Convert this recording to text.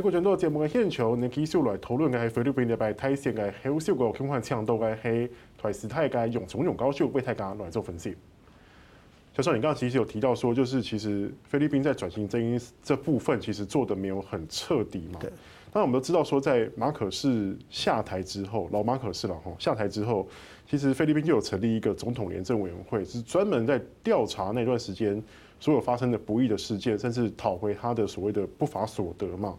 最近呢個節目嘅編程，你繼續來討論嘅係菲律賓入邊體現嘅好少個警方強度嘅係台事態嘅容種容高少，俾大家來做分析。小盛，你剛剛其實有提到，說就是其實菲律賓在轉型正義這部分，其實做得沒有很徹底嘛。對。那我們都知道，說在馬可仕下台之後老馬可仕啦，吼下台之後其實菲律賓就有成立一個總統廉政委員會，是專門在調查那段時間所有發生的不義的事件，甚至討回他的所謂的不法所得嘛。